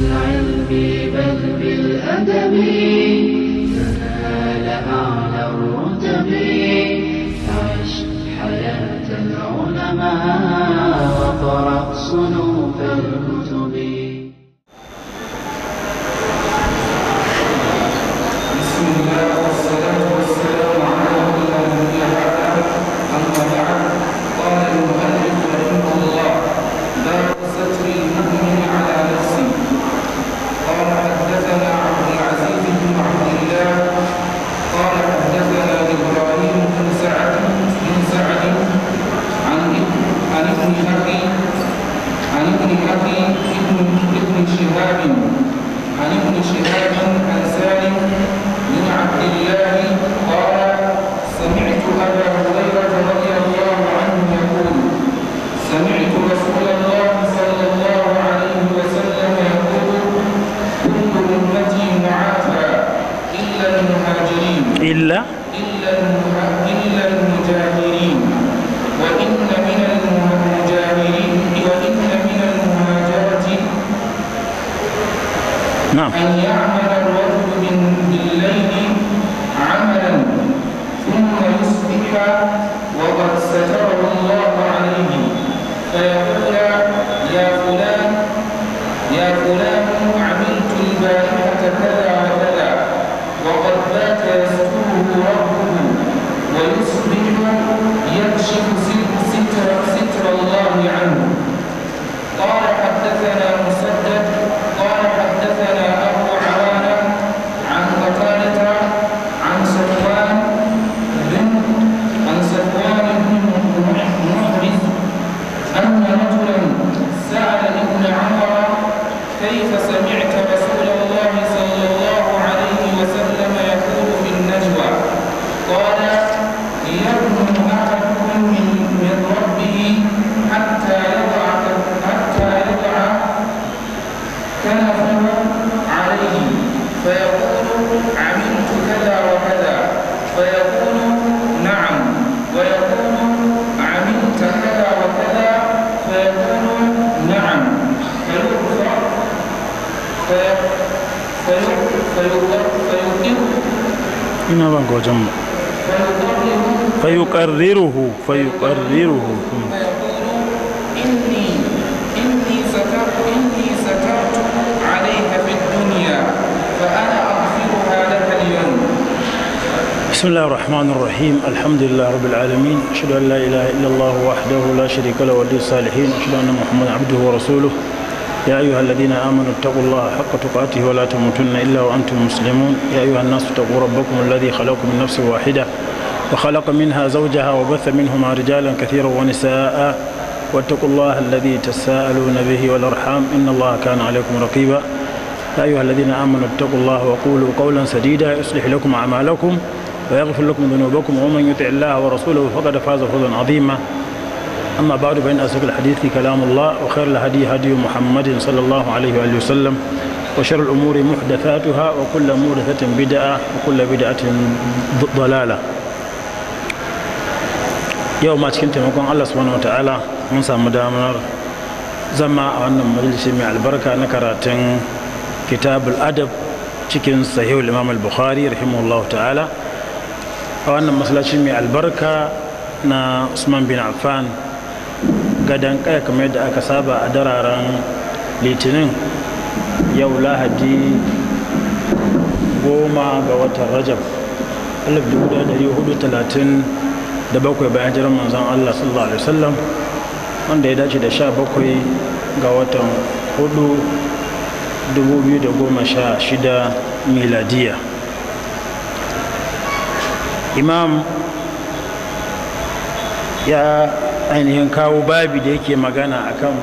بالعلم بل بالأدب تنال أعلى الرتب عش حياة العلماء وقرأ صنوع أشهد أن لا إله إلا الله وحده لا شريك له ولي الصالحين أشهد أن محمدا عبده ورسوله يا أيها الذين آمنوا اتقوا الله حق تقاته ولا تموتن إلا وأنتم مسلمون يا أيها الناس اتقوا ربكم الذي خلقكم من نفس واحدة وخلق منها زوجها وبث منهما رجالا كثيرا ونساء واتقوا الله الذي تساءلون به والأرحام إن الله كان عليكم رقيبا يا أيها الذين آمنوا اتقوا الله وقولوا قولا سديدا يصلح لكم أعمالكم ويغفر لكم ذنوبكم ومن يطع الله ورسوله فقد فاز فوزا عظيما اما بعد فان اسلك الحديث في كلام الله وخير الهدي هدي محمد صلى الله عليه واله وسلم وشر الامور محدثاتها وكل محدثه بدعه وكل بدعه ضلاله يوم ما اتكنت مكون الله سبحانه وتعالى منسى مدامر زما عن مجلس مع البركه نكرات كتاب الادب تشيكن صحيح الامام البخاري رحمه الله تعالى a wannan masallaci mai albarka na usman bin affan gadon kaya kamar yadda aka saba a dararen litinin yau lahadi goma ga watan rajab 1437 bayan jiran manzon allah sallallahu alaihi wasallam wanda ya dace da sha bakwai ga watan 4 2016 miladiya imam ya ainihin kawo babi da yake magana akan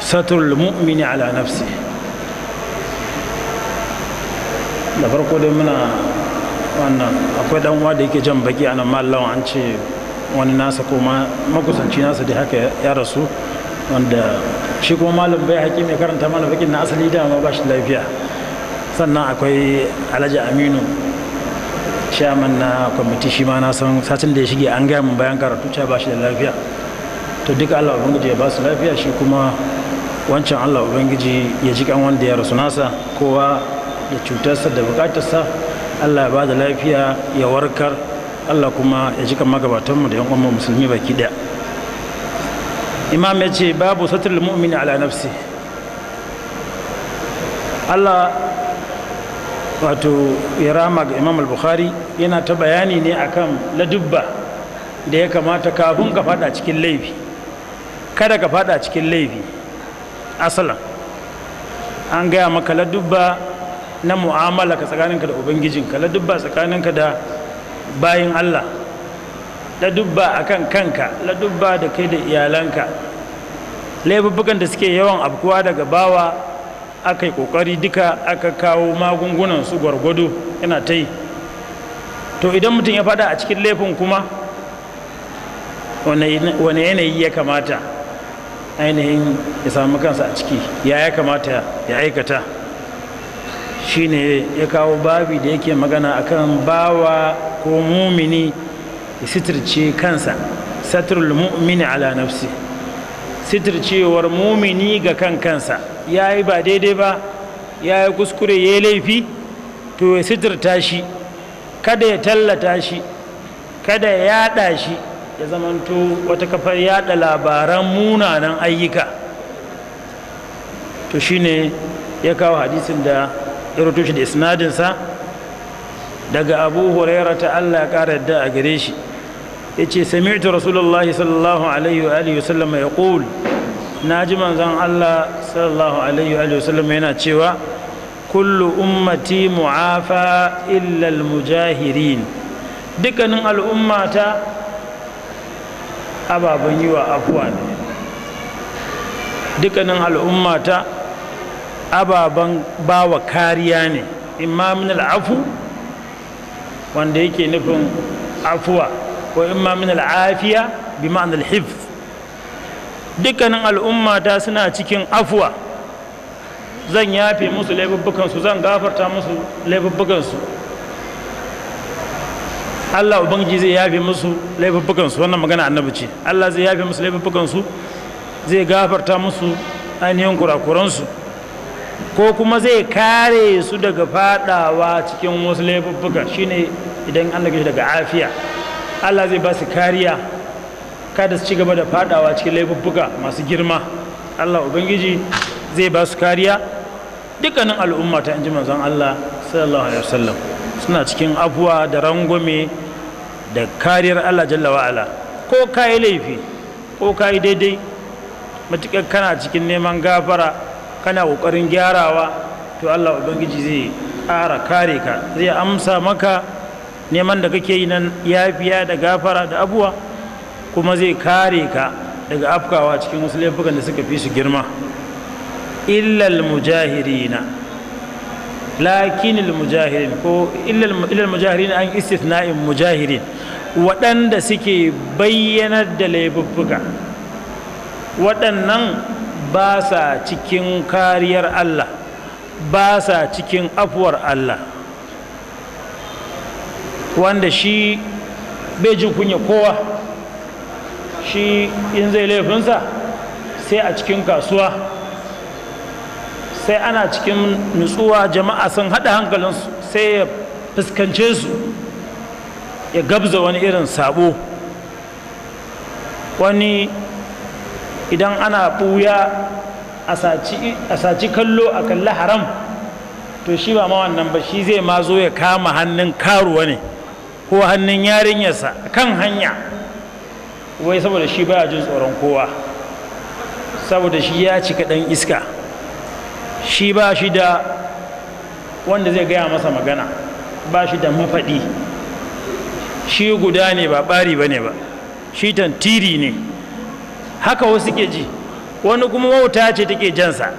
satur mu'mini ala nafsi da farko dai muna wannan akwai dan da yake jan baki a nan mallawa an ce wani nasa ko makusanci nasa da haka ya rasu wanda shi kuma malam bai haƙi mai karanta mana bakin na asali dama ba shi lafiya sannan akwai alhaji aminu chairman na kwamiti shi ma na san satin da ya shige an gaya min bayan karatu cewa ba shi da lafiya to duka Allah ubangiji ya ba su lafiya shi kuma wancan Allah ubangiji ya ji kan wanda ya rasu nasa kowa da cutarsa da bukatarsa Allah ya ba da lafiya ya warkar Allah kuma ya ji kan magabatanmu da yan uwan musulmi baki daya imam ya ce babu satrul mu'mini ala nafsi Allah wato irama ga imam al-bukhari yana ta bayani ne akan ladubba da ya kamata kafin ka fada cikin laifi kada ka fada cikin laifi asalan an gaya maka ladubba na mu'amala ka tsakaninka da ubangijinka ladubba tsakaninka da bayin allah ladubba akan kanka ladubba da kai da iyalanka laifuffukan da suke yawan abkuwa daga bawa aka yi kokari duka aka kawo magungunan su gwargwado yana ta yi to idan mutum ya fada a cikin laifin kuma wane yanayi ya kamata ainihin ya samu kansa a ciki ya ya kamata ya aikata shine ya kawo babi da yake magana akan bawa ko mumini ya sitirce kansa satrul mu'mini ala nafsi sitircewar mumini ga kan kansa ya yi ba daidai ba ya yi kuskure ya yi laifi to ya sitirta shi kada ya tallata shi kada ya yada shi ya zamanto wata kafar yada labaran munanan ayyuka to ne ya kawo hadisin da ya roto shi da isnadinsa daga abu huraira ta allah ya kara yadda a gare shi ya ce sami'tu rasulullahi sallallahu alaihi wa alihi wa sallam ya qul na ji manzon Allah sallallahu alaihi wa sallam yana cewa kullu ummati mu'afa illa mujahirin, dukkanin al'ummata ababen yi wa afuwa ne dukkanin al'ummata ababan bawa kariya ne imamin al'afu wanda yake nufin afuwa ko imamin al'afiya bi ma'anar hifz dukkanin al'ummata suna cikin afuwa zan yafe musu su zan gafarta musu su Allah ubangiji zai yafe musu su wannan magana annabi ce Allah zai yafe musu su zai gafarta musu ainihin kurakuransu ko kuma zai kare su daga fadawa cikin wasu laifuffuka shine idan an daga daga afiya Allah zai ba su kariya kada su ci gaba da fadawa cikin laifuffuka masu girma Allah ubangiji zai ba su kariya dukkanin al'umma ta inji manzon Allah sallallahu alaihi wasallam suna cikin afuwa da rangwame da kariyar Allah jalla ala ko kai laifi ko kai daidai matukar kana cikin neman gafara kana kokarin gyarawa to Allah ubangiji zai ƙara kare ka zai amsa maka neman da kake yi nan yafiya da gafara da abuwa kuma zai kare ka daga afkawa cikin wasu laifukan da suka fi su girma illal mujahirina lakinil mujahirin ko illal mujahirin an istithna'in mujahirin waɗanda suke bayyanar da laifuffuka waɗannan ba sa cikin kariyar Allah ba sa cikin afuwar Allah wanda shi bai jin kunya kowa shi in zai laifinsa sai a cikin kasuwa sai ana cikin nutsuwa jama'a sun haɗa hankalinsu sai ya fuskance su ya gabza wani irin sabo wani idan ana buya a saci kallo a kalli haram to shi ba ma wannan ba shi zai ma zo ya kama hannun karuwa ne ko hannun yarinyarsa kan hanya wai saboda shi baya jin tsoron kowa saboda shi ya cika dan iska shi ba shi da wanda zai gaya masa magana ba shi da mafaɗi shi guda ne ba ɓari ba ne ba shi tantiri ne haka wasu ke ji wani kuma wauta ce take jansa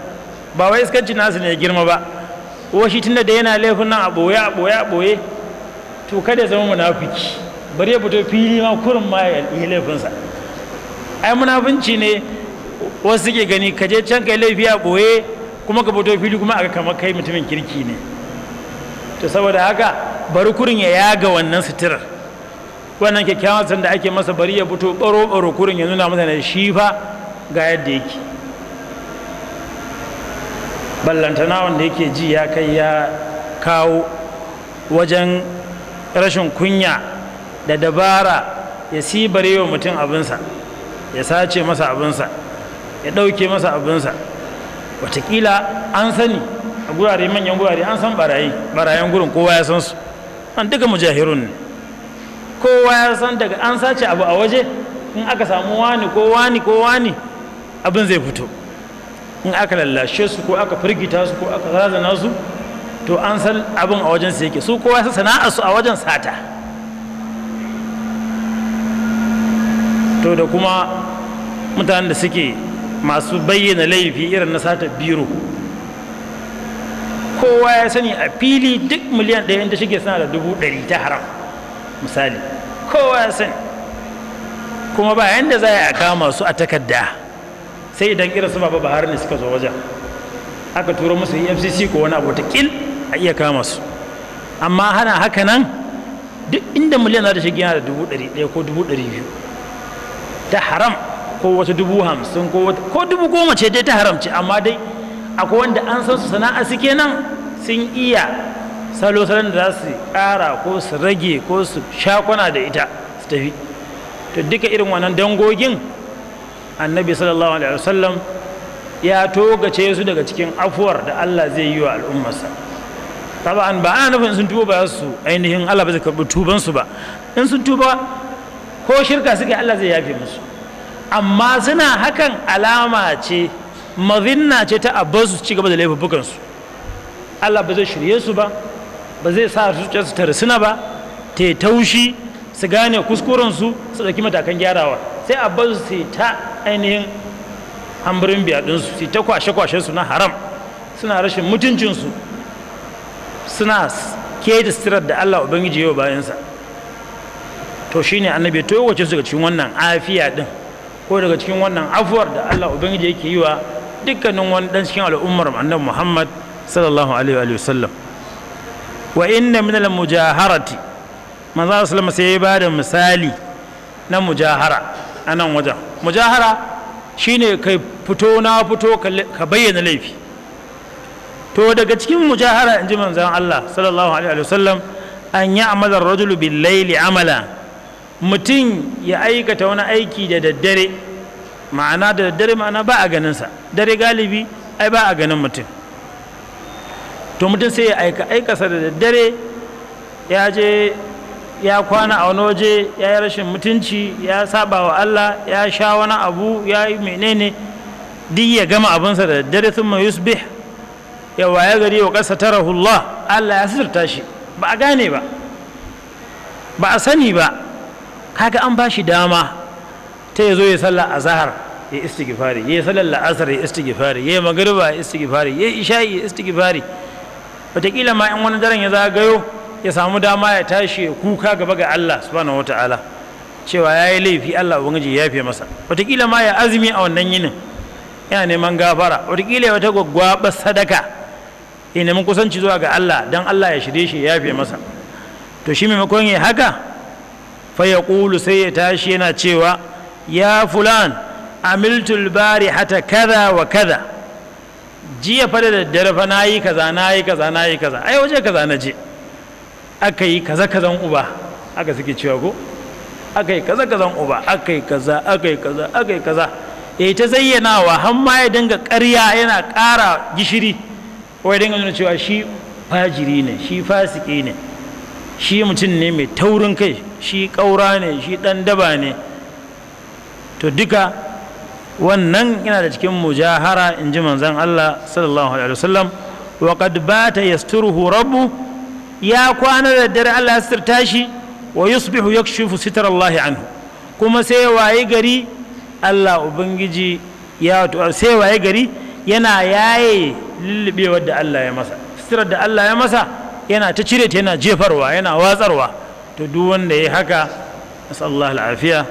ba wai iskanci nasu ne girma ba washi shi tunda da yana laifin nan a ɓoye a ɓoye a ɓoye to kada zama munafiki bari ya fito fili ma kurin ma ya yi laifinsa ai munafunci ne wasu suke gani ka je can kai laifi a ɓoye kuma ka fito fili kuma aka kama kai mutumin kirki ne to saboda haka bari kurin ya yaga wannan suturar wannan kyakkyawan san da ake masa bari ya fito baro baro kurin ya nuna masa da shi fa ga yadda yake ballantana wanda yake ji ya kai ya kawo wajen rashin kunya da dabara ya sibare wa mutum abinsa ya sace masa abinsa ya ɗauke masa abinsa watakila an sani a gurare manyan gurare an san barayi barayen gurin kowa ya san su an duka mujahirun ne kowa ya san daga an sace abu a waje in aka samu wani ko wani ko wani abin zai fito in aka lallashe su ko aka firgita su ko aka zazana su to an san abin a wajen su yake su kowa ya san sana'ar su a wajen sata to da kuma mutanen da suke masu bayyana laifi irin na sata biro kowa ya sani a fili duk miliyan ɗaya inda shige suna da dubu ɗari ta haram misali kowa ya sani kuma ba yanda za a kama su a takarda sai idan irin su ba bahar ne suka zo wajen aka turo musu efcc ko wani abu kil a iya kama su amma hana haka nan duk inda miliyan za ta shige yana da dubu ɗari ɗaya ko dubu ɗari biyu ta haram ko wata dubu hamsin ko wata ko dubu goma ce dai ta haramci amma dai akwai wanda an san su sana'a su kenan sun iya salo salon da za su ƙara ko su rage ko su shakwana da ita su tafi to duka irin wannan dangogin annabi sallallahu alaihi wasallam ya togace su daga cikin afuwar da Allah zai yi wa al'ummarsa taba'an ba ana nufin sun tuba ba su ainihin Allah ba zai karɓi tubansu ba in sun tuba ko shirka suke Allah zai yafe musu amma suna hakan alama ce mazinna ce ta abin su ci gaba da laifukansu Allah ba zai shirye su ba ba zai sa zuciya su suna ba ta taushi su gane kuskurensu su ɗauki matakan gyarawa sai abin su ta ainihin hamburin biya ɗinsu su ta kwashe kwashe su na haram suna rashin mutuncinsu suna keta sitirar da Allah Ubangiji yau bayansa to shine annabi to wace su daga cikin wannan afiya din ko daga cikin wannan afuwar da Allah ubangiji yake yi wa dukkanin wani dan cikin al'ummar annabi Muhammad sallallahu alaihi wa sallam wa inna min al-mujaharati manzo sallallahu sai ya bada misali na mujahara anan wajen mujahara shine kai fito na fito ka bayyana laifi to daga cikin mujahara inji manzon Allah sallallahu alaihi wa sallam an ya'mala ar-rajulu bil-layli amala mutum ya aikata wani aiki da daddare ma'ana da daddare ma'ana ba a ganinsa dare galibi ai ba a ganin mutum to mutum sai ya aika aikasa da daddare ya je ya kwana a wani waje ya yi rashin mutunci ya saba wa Allah ya sha wani abu ya yi menene duk ya gama abinsa da daddare sun mai yusbih ya waya gari wa ƙasa tarahullah Allah ya sirta shi ba a gane ba ba a sani ba kaga an bashi dama ta yazo ya sallar azhar ya istighfari ya sallar la'asar ya istighfari ya magriba ya istighfari ya isha'i ya istighfari wataƙila ma in wani daren ya zagayo ya samu dama ya tashi ya kuka gaba ga Allah subhanahu wataala cewa ya laifi Allah ubangiji ya yafe masa wataƙila ma ya azumi a wannan yinin yana neman gafara wataƙila ya wata ba sadaka ya neman kusanci zuwa ga Allah don Allah ya shirye shi ya yafe masa to shi maimakon ya haka Faya Kulu sai ya tashi yana cewa ya fulan amiltul bari hata kaza wa kaza jiya fa da daddare fa nayi kaza nayi kaza nayi kaza ai waje kaza na je aka yi kaza kazan uba aka suke cewa ko aka yi kaza kazan uba aka yi kaza aka yi kaza aka yi kaza ya ta zayyanawa har ma ya dinga ƙarya yana ƙara gishiri ko ya dinga nuna cewa shi fajiri ne shi fasiki ne shi mutum ne mai taurin kai shi ƙaura ne shi ɗan daba ne to duka wannan yana da cikin mujahara in ji manzan Allah sallallahu alaihi wasallam wa qad bata yasturuhu rabbu ya kwana da dare Allah ya sirta shi wa yusbihu yakshifu sitar Allah anhu kuma sai waye gari Allah ubangiji ya sai waye gari yana yaye lullubewar da Allah ya masa sitar da Allah ya masa yana ta cire ta yana jefarwa yana watsarwa to duk wanda ya yi haka Allah al'afiya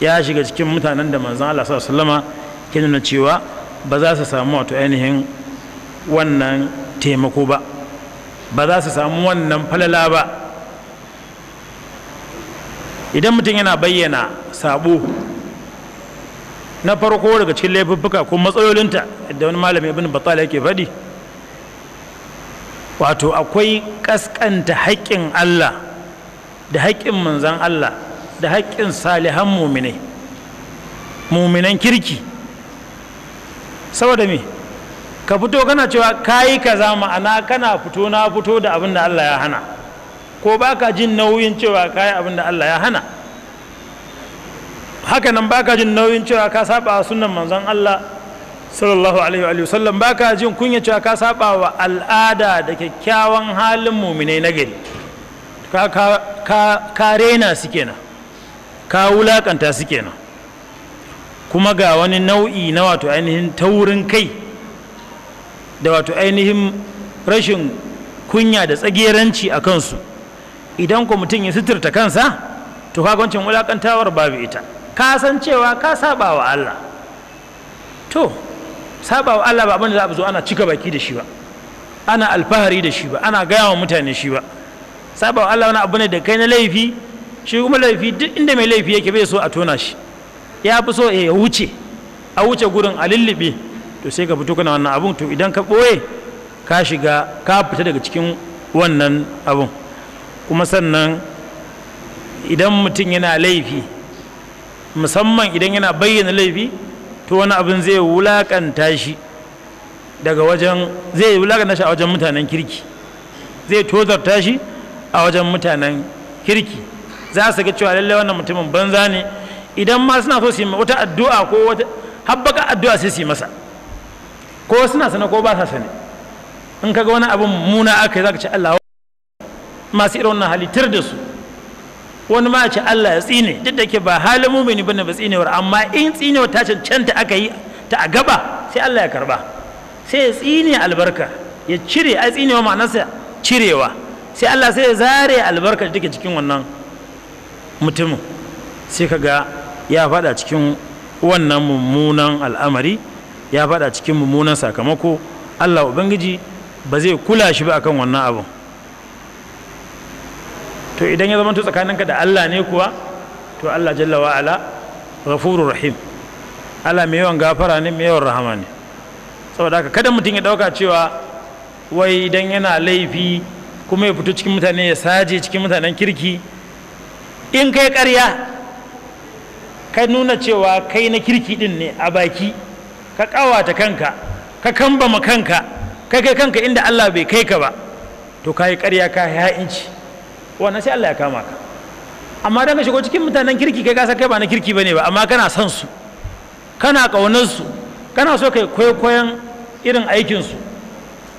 ya shiga cikin mutanen da manzan Allah sallallahu ke nuna cewa ba za su samu wato ainihin wannan taimako ba ba za su samu wannan falala ba idan mutum yana bayyana sabo na farko daga cikin laifuffuka ko matsalolinta da wani malami ibn batal yake faɗi wato akwai ƙasƙanta haƙƙin Allah da haƙƙin manzan Allah da haƙƙin salihan muminai muminan kirki saboda me ka fito kana cewa kayi kaza ma'ana kana fito na fito da abin da Allah ya hana ko baka jin nauyin cewa kayi abin da Allah ya hana haka nan baka jin nauyin cewa ka saba wa sunnan manzan Allah sallallahu alaihi wa sallam baka jin kunya cewa ka saba wa al'ada da kyakkyawan halin muminai na gari ka rena su kenan ka wulakanta su kenan kuma ga wani nau'i na wato ainihin taurin kai da wato ainihin rashin kunya da tsageranci a kansu idan ku mutum ya suturta kansa to kaga wulakantawar babu ita ka san cewa ka saba wa Allah to saba wa Allah ba abin za a zo ana cika baki da shi ba ana alfahari da shi ba ana gaya wa mutane shi ba saba Allah wani abu ne da kai na laifi shi kuma laifi duk inda mai laifi yake bai so a tona shi ya fi so ya wuce a wuce gurin a lullube to sai ka fito kana wannan abun to idan ka ɓoye ka shiga ka fita daga cikin wannan abun kuma sannan idan mutum yana laifi musamman idan yana bayyana laifi to wani abin zai wulakanta shi daga wajen zai wulakanta shi a wajen mutanen kirki zai tozarta shi a wajen mutanen kirki za su ga cewa lallai wannan mutumin banza ne idan ma suna so su yi wata addu'a ko wata habbaka addu'a sai su yi masa ko suna sana ko ba sa sane in kaga wani abin muna aka yi za ka ci Allah masu irin wannan halittar da su wani ma ce Allah ya tsine duk da ke ba halin mumini bane ba tsinewar amma in tsinewa ta cancanta aka yi ta a gaba sai Allah ya karba sai ya tsine albarka ya cire a tsinewa ma'anarsa cirewa sai Allah sai ya zare albarka da take cikin wannan mutumin sai ka ga ya fada cikin wannan mummunan al'amari ya fada cikin mummunan sakamako Allah ubangiji ba zai kula shi ba akan wannan abun. to idan ya zama to tsakaninka da Allah ne kuwa to Allah jalla wa ala ghafurur rahim Allah mai yawan gafara ne mai yawan rahama ne saboda haka kada mutum ya dauka cewa wai idan yana laifi kuma ya fito cikin mutane ya saje cikin mutanen kirki in kai karya ka nuna cewa kai na kirki din ne a baki ka ƙawata kanka ka kambama kanka kai kai kanka inda Allah bai kai ka ba to ka yi ƙarya ka ha'inci wannan sai Allah ya kama ka amma dan ka shigo cikin mutanen kirki kai gasa kai ba na kirki bane ba amma kana son su kana ƙaunar su kana so kai kwaikwayon irin aikin su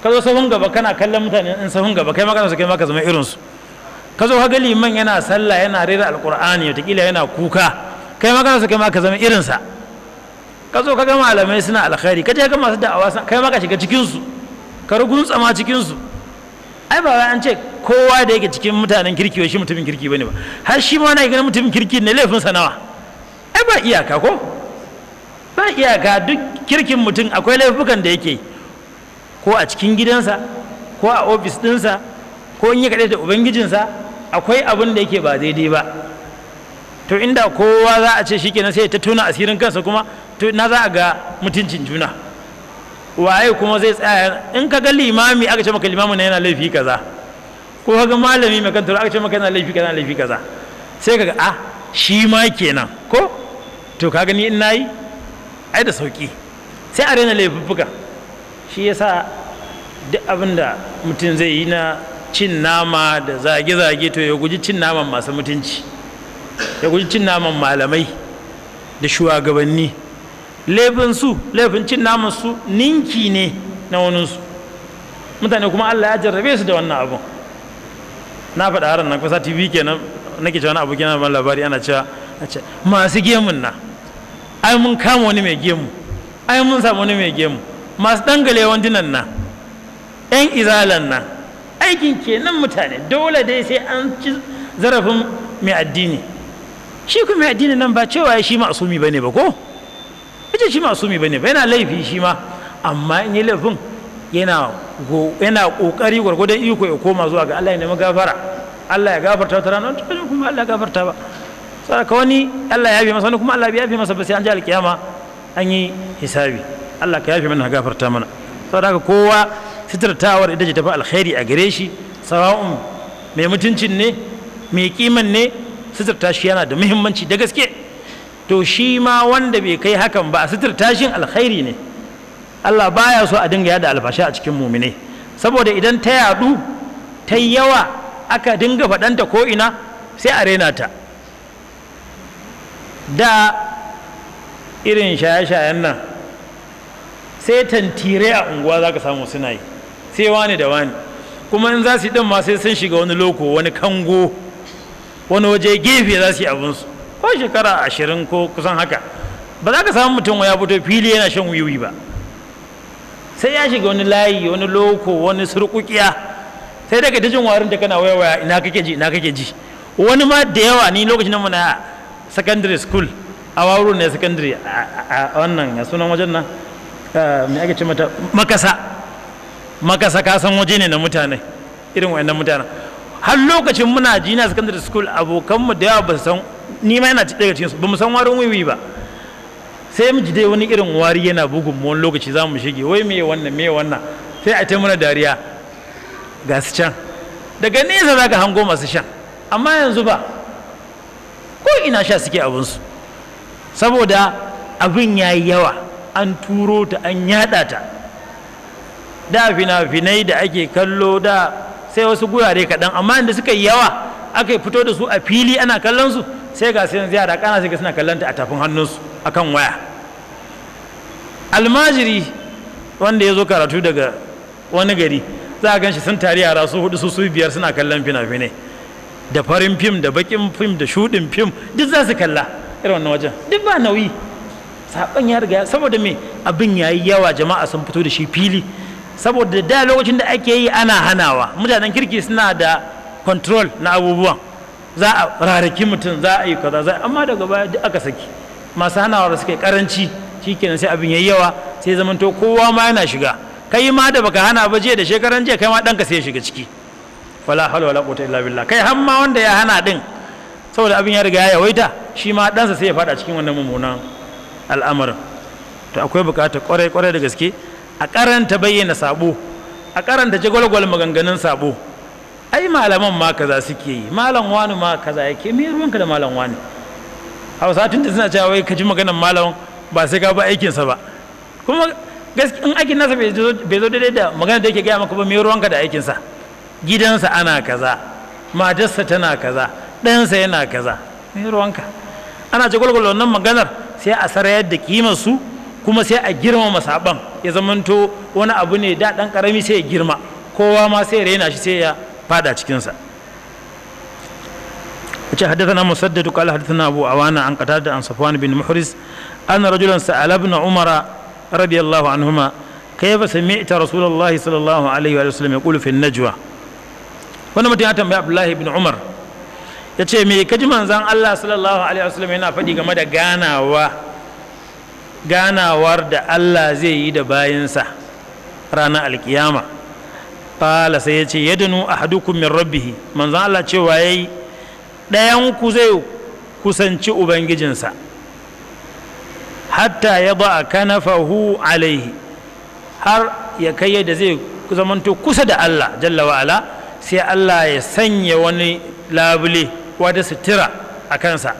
ka zo sahun gaba kana kallon mutane in sahun gaba kai ma su kai ma ka zama irin su ka zo haga liman yana sallah yana rera alqur'ani wataƙila yana kuka kai ma su kai ma ka zama irin sa ka zo ka gama malamai suna alkhairi ka je ga masu da'awa kai ma ka shiga cikin su ka rugunsa ma cikin su ai ba an ce kowa da yake cikin mutanen kirki shi mutumin kirki bane ba har shi ma wani ganin mutumin kirki ne laifin sa nawa ai ba iyaka ko ba iyaka duk kirkin mutum akwai laifukan da yake yi ko a cikin gidansa ko a ofis dinsa, ko in yi kaɗai da ubangijinsa akwai abin da yake ba daidai ba to inda kowa za a ce shi kenan sai ta tuna asirin kansa kuma to na za a ga mutuncin juna waye kuma zai tsaya in ka ga limami aka ce maka limamin yana laifi kaza ko ka ga malami mai kantar aka ce maka yana laifi kaza laifi kaza sai ka ga a ah, shi ma kenan ko to ka gani in nayi ai da sauki sai a rena laifuffuka shi yasa duk abin da mutum zai yi na cin nama da zage-zage to ya guji cin naman masu mutunci ya guji cin naman malamai da shugabanni laifin su laifin cin naman su ninki ne na waninsu mutane kuma allah ya jarrabe su da wannan abun na faɗa haran nan kusa tv kenan nake cewa wani abu na ban labari ana cewa masu gemun na ai mun kama wani mai gemu ai mun samu wani mai gemu masu dangale wandunan nan 'yan izalan nan aikin kenan mutane dole dai sai an ci zarafin mai addini shi kuma mai addini nan ba cewa shi ma'asumi bane ba ko ita shi ma'asumi bane ba yana laifi shi ma amma in yi laifin yana yana kokari gwargwadon iko ya koma zuwa ga Allah ya nemi gafara Allah ya gafarta wata ranar to kuma Allah ya gafarta ba saboda wani Allah ya bi masa kuma Allah ya bi masa ba sai an ji alkiyama an yi hisabi Allah ka yafe mana gafarta mana saboda haka kowa fitartawar ita ce tafi alkhairi a gare shi sawa'un mai mutuncin ne mai kiman ne sitirta shi yana da muhimmanci da gaske to shi ma wanda bai kai hakan ba a sitar tashin alkhairi ne Allah baya so a dinga yada alfashi a cikin mumine saboda idan ta yadu ta yawa aka dinga faɗanta ko ina sai a raina ta da irin shaye-shayen nan sai tantire a unguwa za ka samu suna yi sai wani da wani kuma in za su yi ɗin ma sai sun shiga wani loko wani kango wani waje gefe za su yi abinsu ko shekara ashirin ko kusan haka ba za ka samu mutum ya fito fili yana shan wiwi ba sai ya shiga wani layi wani loko wani surkukiya sai daga ta jin warin da kana waya ina kake ji ina kake ji wani ma da yawa ni lokacin nan muna secondary school a waro ne secondary a wannan sunan wajen nan Eh, me ake ce mata makasa makasa ka san waje ne na mutane irin wayannan mutanen har lokacin muna jina secondary school abokan mu da yawa ba su san ni ma yana daga cikin su ba mu san warin wiwi ba sai mu ji dai wani irin wari yana bugun mu wani lokaci za mu shige wai me wannan me wannan sai a taimuna dariya ga su can daga nesa za ka hango masu shan amma yanzu ba ko ina sha suke abinsu saboda abin ya yi yawa an turo ta an yaɗa ta da fina-finai da ake kallo da sai wasu gurare kaɗan amma inda suka yi yawa aka fito da su a fili ana kallon su sai ga sai yara kana sai suna kallonta a tafin hannunsu akan waya almajiri wanda ya zo karatu daga wani gari za a gan shi sun tari yara su hudu su su biyar suna kallon fina-finai da farin fim da bakin fim da shuɗin fim duk za su kalla irin wannan wajen duk ba nauyi saban ya riga saboda me abin yayi yawa jama'a sun fito da shi fili saboda da lokacin da ake yi ana hanawa mutanen kirki suna da control na abubuwan za a mutum za a yi kaza za amma daga baya duk aka saki masu hanawa da suka karanci shikenan sai abin yayi yawa sai zamanto kowa ma yana shiga kai ma da baka hana ba jiya da shekaran jiya kai ma ka sai ya shiga ciki wala hawla wala quwwata illa billah kai har ma wanda ya hana din saboda abin ya riga ya yawaita shi ma ɗansa sai ya fada cikin wannan mummunan al'amarin to akwai bukata kwarai kwarai da gaske a karanta bayyana sabo a karanta jagwalgwal maganganun sabo ai malaman ma kaza suke yi malam wani ma kaza yake me ruwanka da malam wani hausa tun da suna cewa wai ka ji maganar malam ba sai ka ba aikinsa ba kuma gaskiya in aikin nasa bai zo daidai da magana da yake gaya maka ba me ruwanka da aikinsa gidansa ana kaza matarsa tana kaza ɗansa yana kaza me ruwanka ana ce gwalgwal wannan maganar sai a sarayar da kimarsu kuma sai a girmama saban ya zamanto wani abu ne da ɗan ƙarami sai ya girma kowa ma sai raina shi sai ya fada cikinsa wace duk musaddad qala haddathana abu awana an da an safwan bin muhriz anna rajulan sa'ala ibn umara radiyallahu anhuma sami sami'ta rasulullahi sallallahu alaihi wa sallam ya kulufin najwa wannan mutum ya tambaya abdullahi bin umar ya ce mai kaji manzan Allah sallallahu alaihi wasallam yana faɗi game da ganawa ganawar da Allah zai yi da bayansa ranar alkiyama fala sai ya ce a ahadukum min rabbi manzan Allah cewa yayi ɗayan ku zai kusanci ubangijinsa hatta ya ba kanafahu alaihi har ya kai yadda zai zamanto kusa da Allah jalla wa'ala sai Allah ya sanya wani labule kowa da sutura a kansa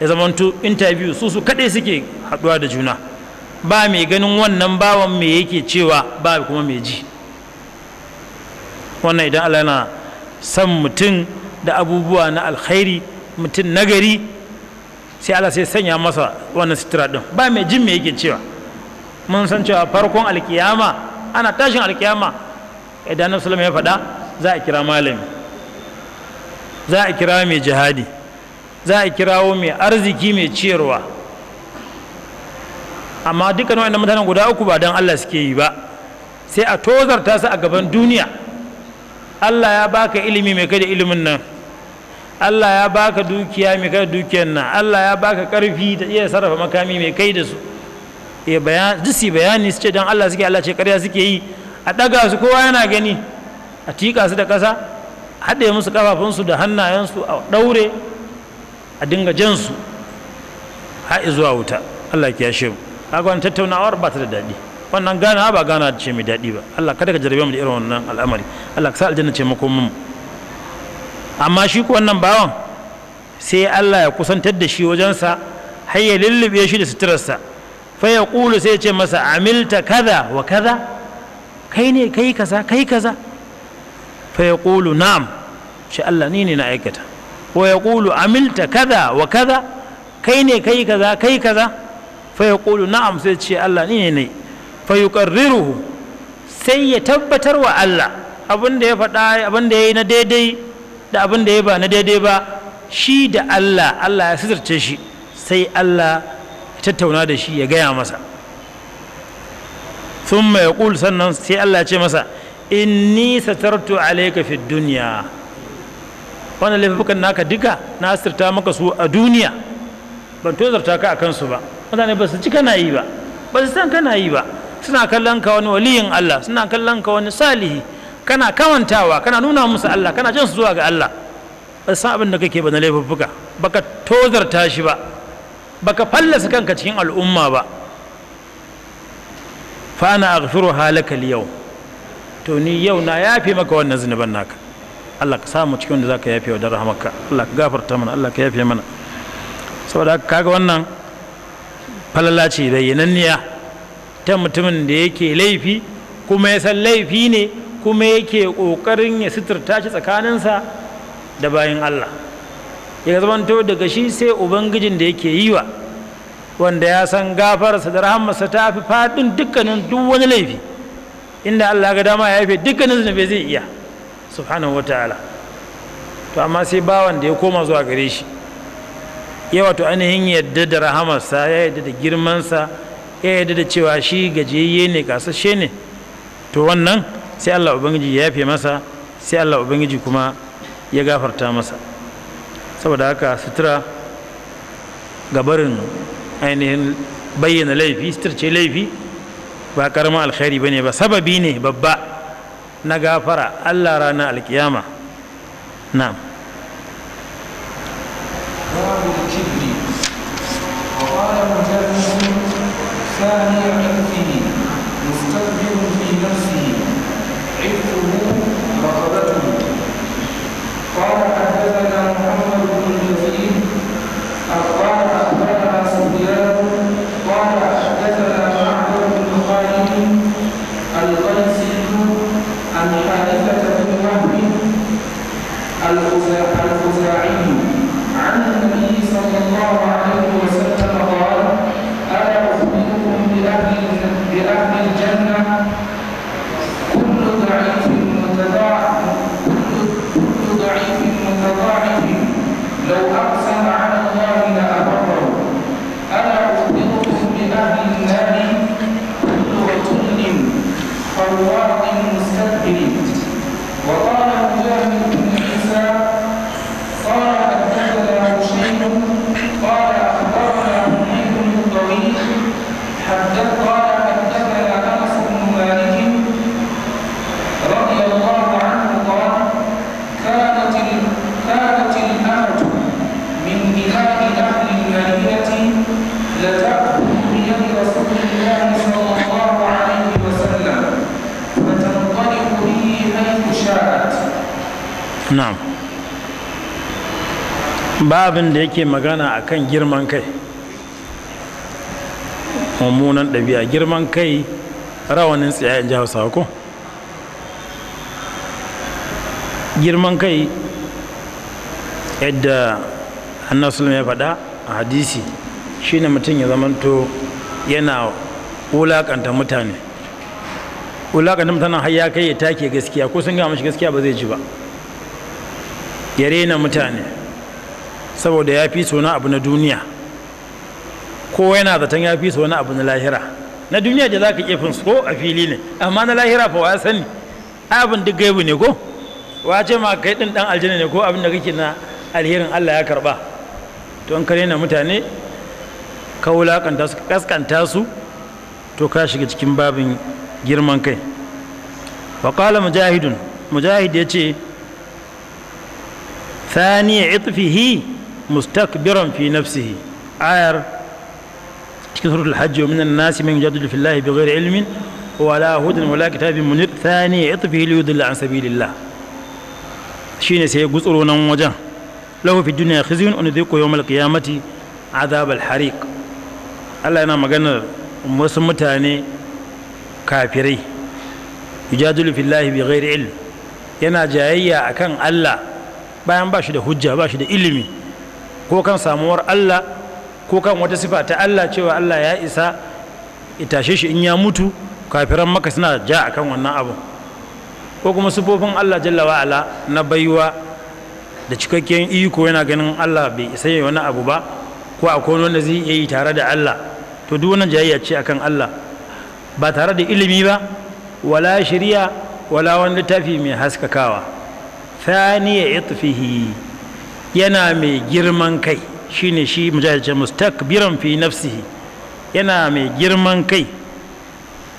ya zamanto interview su su kaɗai suke haɗuwa da juna ba mai ganin wannan bawan mai yake cewa ba kuma mai ji wannan idan Allah na san mutum da abubuwa na alkhairi mutum nagari sai Allah sai sanya masa wannan sitira ɗin ba mai jin mai yake cewa mun san cewa farkon alkiyama ana tashin alkiyama idan Nabi ya faɗa za a kira malami za a kira mai jihadi za a kirawo mai arziki mai ciyarwa amma dukkan wa'annan mutanen guda uku ba don Allah suke yi ba sai a tozarta su a gaban duniya Allah ya baka ilimi mai kada ilimin nan Allah ya baka dukiya mai kada dukiyar nan Allah ya baka karfi da iya sarrafa makami mai kai da su ya bayan bayani su ce don Allah suke Allah ce karya suke yi a ɗaga su kowa yana gani a tika su da ƙasa haɗe musu ƙafafunsu da hannayensu a ɗaure a dinga jansu har zuwa wuta Allah ya kiyashe mu kaga wannan tattaunawar ba ta da daɗi wannan gana ba gana ce mai daɗi ba Allah kada ka jarabe mu da irin wannan al'amari Allah ka sa aljanna ce mako mu amma shi ko wannan bawan sai Allah ya kusantar da shi wajensa har ya lullube shi da suturarsa fa ya ƙulu sai ya ce masa amilta kaza wa kaza kai ne kai kaza kai kaza fa yaqulu na'am shi Allah ni ne na aikata wa yaqulu amilta kaza wa kaza kai ne kai kaza kai kaza fa yaqulu na'am sai ce Allah ni ne ne fa yuqarriruhu sai ya tabbatar wa Allah abin da ya faɗa abin da yayi na daidai da abin da ya ba na daidai ba shi da Allah Allah ya sitirce shi sai Allah ya tattauna da shi ya gaya masa thumma yaqul sannan sai Allah ya ce masa inni satartu alayka fid dunya wannan laifukan naka duka na asirta maka su a duniya ban tozarta ka akan su ba mutane ba su ci kana yi ba ba su san kana yi ba suna kallon ka wani waliyin Allah suna kallon ka wani salihi kana kamantawa kana nuna musu Allah kana jin su zuwa ga Allah ba su san abin da kake ba na laifuffuka baka tozarta shi ba baka fallasa kanka cikin al'umma ba fa ana aghfiruha laka al-yawm to ni yau na yafe maka wannan zunuban naka Allah ka samu cikin wanda zaka yafe wa da rahamarka Allah ka gafarta mana Allah ka yafe mana saboda kaga wannan falala ce bayyananniya ta mutumin da yake laifi kuma ya san laifi ne kuma yake kokarin ya suturta shi tsakaninsa da bayan Allah ya zamanto daga shi sai ubangijin da yake yi wa wanda ya san gafararsa da rahamarsa ta fi faɗin dukkanin duk wani laifi inda Allah ga dama ya yafe dukkanin zunubi zai iya subhanahu ta'ala to amma sai bawan da ya koma zuwa gare shi ya wato ainihin yadda da rahamarsa ya yadda da girmansa ya yadda da cewa shi gajiyayye ne kasashe ne to wannan sai Allah ubangiji ya yafe masa sai Allah ubangiji kuma ya gafarta masa saboda haka sutura gabarin ainihin bayyana laifi sutura ce laifi ba karamin alkhairi bane ba sababi ne babba na gafara Allah rana alkiyama na'am babu kibri wa qala mujahid babin da yake magana a kan girman kai mummunan ɗabi'a girman kai rawanin tsayayen jihar sako girman kai yadda annasulun ya faɗa a hadisi shi ne mutum ya zamanto yana wulaƙanta mutane wulaƙanta mutanen har ya kai ya take gaskiya ko sun gama shi gaskiya ba zai ji ba ya rena mutane saboda ya fi so na abu na duniya ko yana zaton ya fi so na abu na lahira na duniya da za ka iya so a fili ne amma na lahira fa wa sani abin duk gaibu ne ko wa ce ma kai din dan aljanna ne ko abin da kake na alherin Allah ya karba to an kare na mutane ka wulakanta su kaskanta su to ka shiga cikin babin girman kai wa qala mujahidun mujahid yace ثاني عطفه مستكبرا في نفسه عار كثرة الحج ومن الناس من يجادل في الله بغير علم ولا هدى ولا كتاب منير ثاني عطفه ليضل عن سبيل الله شين سيقصرون وجه له في الدنيا خزي ونذيقه يوم القيامة عذاب الحريق الله أنا مجنر ومسمتاني كافري يجادل في الله بغير علم ينا جاية akan الله bayan باشد حجة باشد hujja ko kan samuwar Allah ko kan wata sifa ta Allah cewa Allah ya isa itashe shi in ya mutu kafiran maka suna ja a kan wannan abu ko kuma sufofin Allah jalla ala na baiwa da cikakken iko yana ganin Allah bai isa yi wani abu ba ko akwai wanda zai yi tare da Allah to duk wannan jayayya ce akan Allah ba tare da ilimi ba wala shari'a wala wani littafi mai haskakawa thaniya itfihi yana mai girman kai shi ne shi mujahid mustakbiran fi nafsihi yana mai girman kai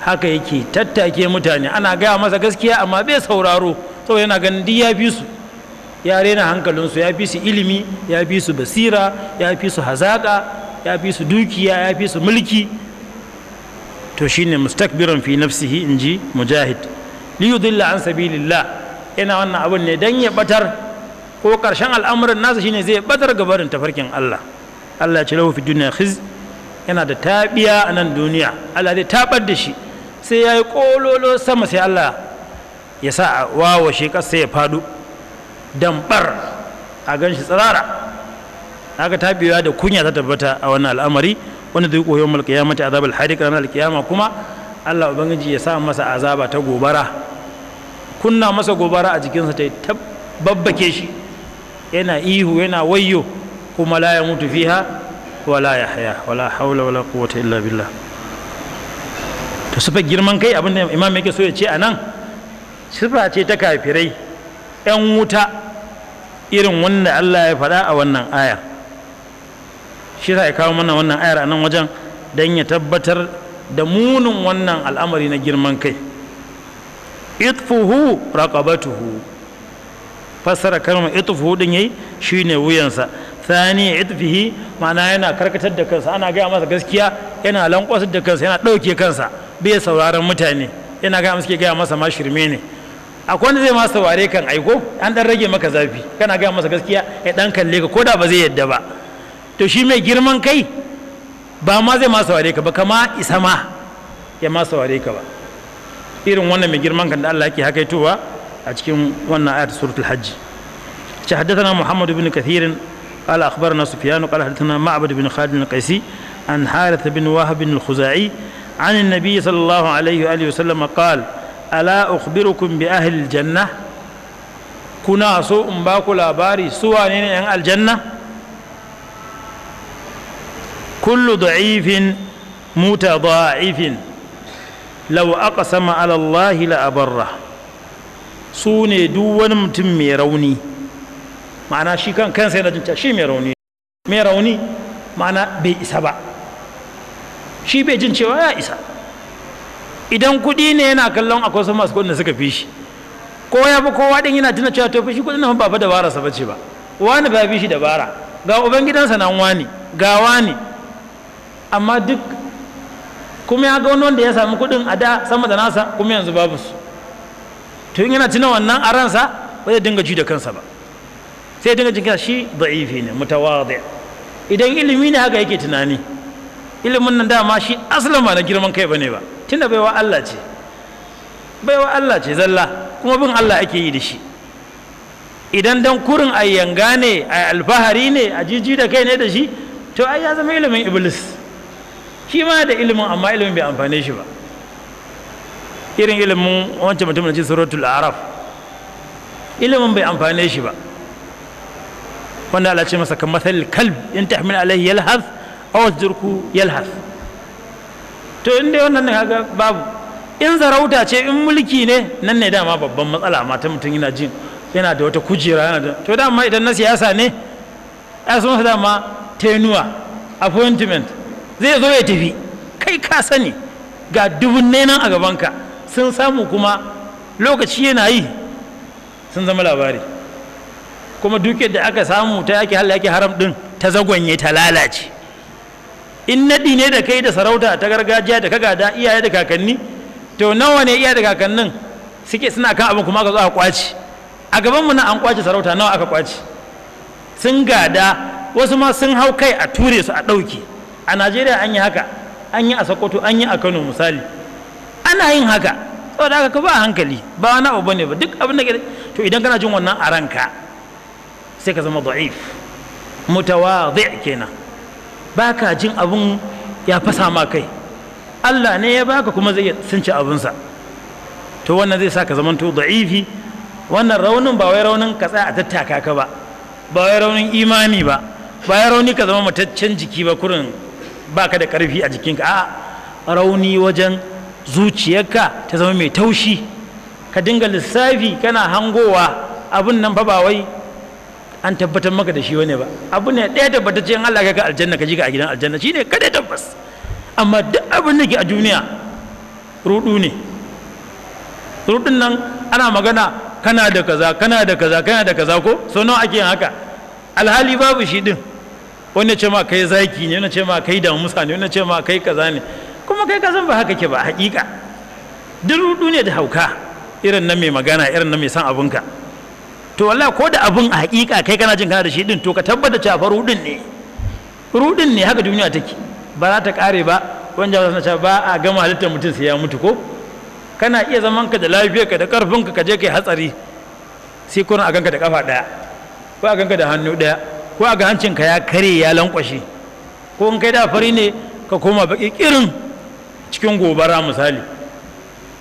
haka yake tattake mutane ana gaya masa gaskiya amma bai sauraro saboda yana ganin duk ya fi su ya rena hankalinsu ya fi su ilimi ya fi su basira ya fi su hazaƙa ya fi su dukiya ya fi su mulki to shi shine mustakbiran fi nafsihi in ji mujahid li yudilla an sabilillah yana wannan abun ne don ya batar ko karshen al'amuran nasa shine zai batar gabarin tafarkin Allah Allah ya ce lahu fi dunya khiz yana da tabiya a nan duniya Allah zai tabar da shi sai yayi kololo sama sai Allah ya sa wawa shi sai ya fadu dambar a shi tsirara haka tabiya da kunya ta tabbata a wannan al'amari wanda zai koyo mulki ya mata azabul hariq ranar alkiyama kuma Allah ubangiji ya sa masa azaba ta gobara kunna masa gobara a jikinsa ta babbake shi yana ihu yana wayyo kuma la ya mutu fiha wala yahya wala haula wala quwwata illa billah to sifar girman kai abinda imam yake so ya ce anan sifa ce ta kafirai yan wuta irin wanda Allah ya faɗa a wannan aya shi ya kawo mana wannan ayar a nan wajen don ya tabbatar da munin wannan al'amari na girman kai itfuhu raqabatuhu fassara kalmar ituf din yayi shine wuyansa thani itfihi ma'ana yana karkatar da kansa ana gaya masa gaskiya yana lankwasar da kansa yana ɗauke kansa bai sauraron mutane yana gaya masa gaya masa mashirme ne akwai wanda zai ma saurare kan aiko an dan rage maka zafi kana gaya masa gaskiya ya dan kalle ka koda ba zai yadda ba to shi mai girman kai ba ma zai ma saurare ka ba kama isa ma ya ma saurare ka ba irin wannan mai girman kan da Allah yake hakaitowa a cikin wannan سورة الحج تحدثنا محمد بن كثير قال أخبرنا سفيان قال حدثنا معبد بن خالد القيسي عن حارث بن وهب بن الخزاعي عن النبي صلى الله عليه وآله وسلم قال ألا أخبركم بأهل الجنة كنا سوء باكو لاباري سوى أن الجنة كل ضعيف متضاعف لو أقسم على الله لأبره su ne duk wani mutum mai rauni ma'ana shi kan kansa yana jinta shi mai rauni mai rauni ma'ana bai isa ba shi bai jin cewa ya isa idan kuɗi ne yana kallon akwai su masu kuɗin da suka fi shi ko ya fi kowa ɗin yana tuna cewa to fi shi kuɗin da ba da dabara sa bace ba wani ba fi shi dabara ga ubangidansa nan wani ga wani amma duk kuma ya ga wani wanda ya sami kuɗin a da sama da nasa kuma yanzu babu su to yin yana tuna wannan a ransa ba zai dinga ji da kansa ba sai dinga jin shi da'ifi ne mutawadi idan ilimi ne haka yake tunani ilimin nan dama shi asalin ba na girman kai bane ba tunda baiwa Allah ce baiwa Allah ce zalla kuma bin Allah ake yi da shi idan dan kurin a yanga ne a alfahari ne a jiji da kai ne da shi to ai ya zama ilimin iblis shi ma da ilimin amma ilimin bai amfane shi ba irin ilimin wancan mutumin cikin suratul araf ilimin bai amfane shi ba wanda ala ce masa kan matsalil kalb in min alaihi yalhas wasu jirku yalhas to in dai wannan haka babu in zarauta ce in mulki ne nan ne dama babban matsala mata mutum yana jin yana da wata kujera yana da to dama idan na siyasa ne ya masa dama tenuwa appointment zai zo ya tafi kai ka sani ga dubun nenan a gabanka sun samu kuma lokaci yana yi sun zama labari kuma dukiyar da aka samu ta yake hal yake haram din ta zagonye ta lalace in naɗi ne da kai da sarauta ta gargajiya da kaga da iyaye da kakanni to nawa ne iyaye da kakannin suke suna kan abin kuma aka zo a kwaci a gaban mu na an kwaci sarauta nawa aka kwaci sun gada wasu ma sun hau kai a ture su a ɗauke a najeriya an yi haka an yi a sokoto an yi a kano misali ana yin haka saboda haka ka ba hankali ba wani abu bane ba duk abin da ke to idan kana jin wannan a ranka sai ka zama da'if mutawadhi kenan baka jin abun ya fasa ma kai Allah ne ya baka kuma zai sunce abinsa to wannan zai sa ka zamanto da'ifi wannan raunin ba wai raunin ka tsaya a tattaka ka ba ba wai raunin imani ba ba wai rauni ka zama mataccen jiki ba kurin baka da karfi a jikinka a rauni wajen zuciyarka ta zama mai taushi ka dinga lissafi kana hangowa abin nan fa ba wai an tabbatar maka da shi wani ba abu ne ɗaya tabbatacce in Allah ka aljanna ka ji ka a gidan aljanna shine kada tabbas amma duk abin da ke a duniya rudu ne rudun nan ana magana kana da kaza kana da kaza kana da kaza ko so nawa ake yin haka alhali babu shi din wani ce ma kai zaki ne wani ce ma kai damusa ne wani ce ma kai kaza ne kuma kai ka san ba haka ke ba haƙiƙa duk rudu ne da hauka irin nan mai magana irin nan mai san abinka to wallahi ko da abin a haƙiƙa kai kana jin kana da shi din to ka tabbata cewa fa rudin ne rudin ne haka duniya take ba za ta kare ba wanda za ta ba a gama halittar mutum sai ya mutu ko kana iya zaman ka da lafiyarka da karfinka ka je kai hatsari sai kuma a ganka da kafa daya ko a ganka da hannu daya ko a ga hancin ka ya kare ya lankwashe ko in kai da fari ne ka koma baki kirin cikin gobara misali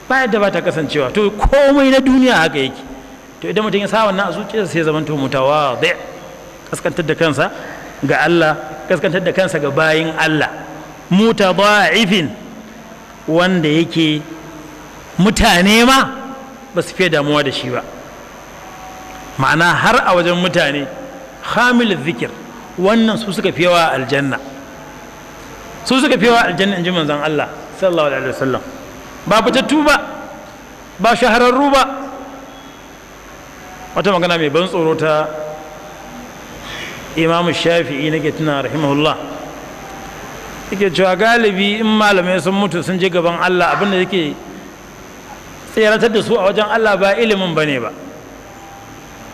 ba yadda ba ta kasancewa to komai na duniya haka yake to idan mutum ya sa wannan a zuciyarsa sai zama to mutawa zai kaskantar da kansa ga Allah kaskantar da kansa ga bayin Allah mutada'ifin wanda yake mutane ma ba su fiye damuwa da shi ba ma'ana har a wajen mutane hamil zikir wannan su suka wa aljanna su suka wa aljanna in ji manzon Allah sallallahu alaihi wasallam ba fitattu ba ba shahararru ba wata magana mai ban tsoro ta imamu shafi'i nake tuna rahimahullah yake cewa galibi in malamai sun mutu sun je gaban allah abinda yake tseratar da su a wajen allah ba ilimin ba ne ba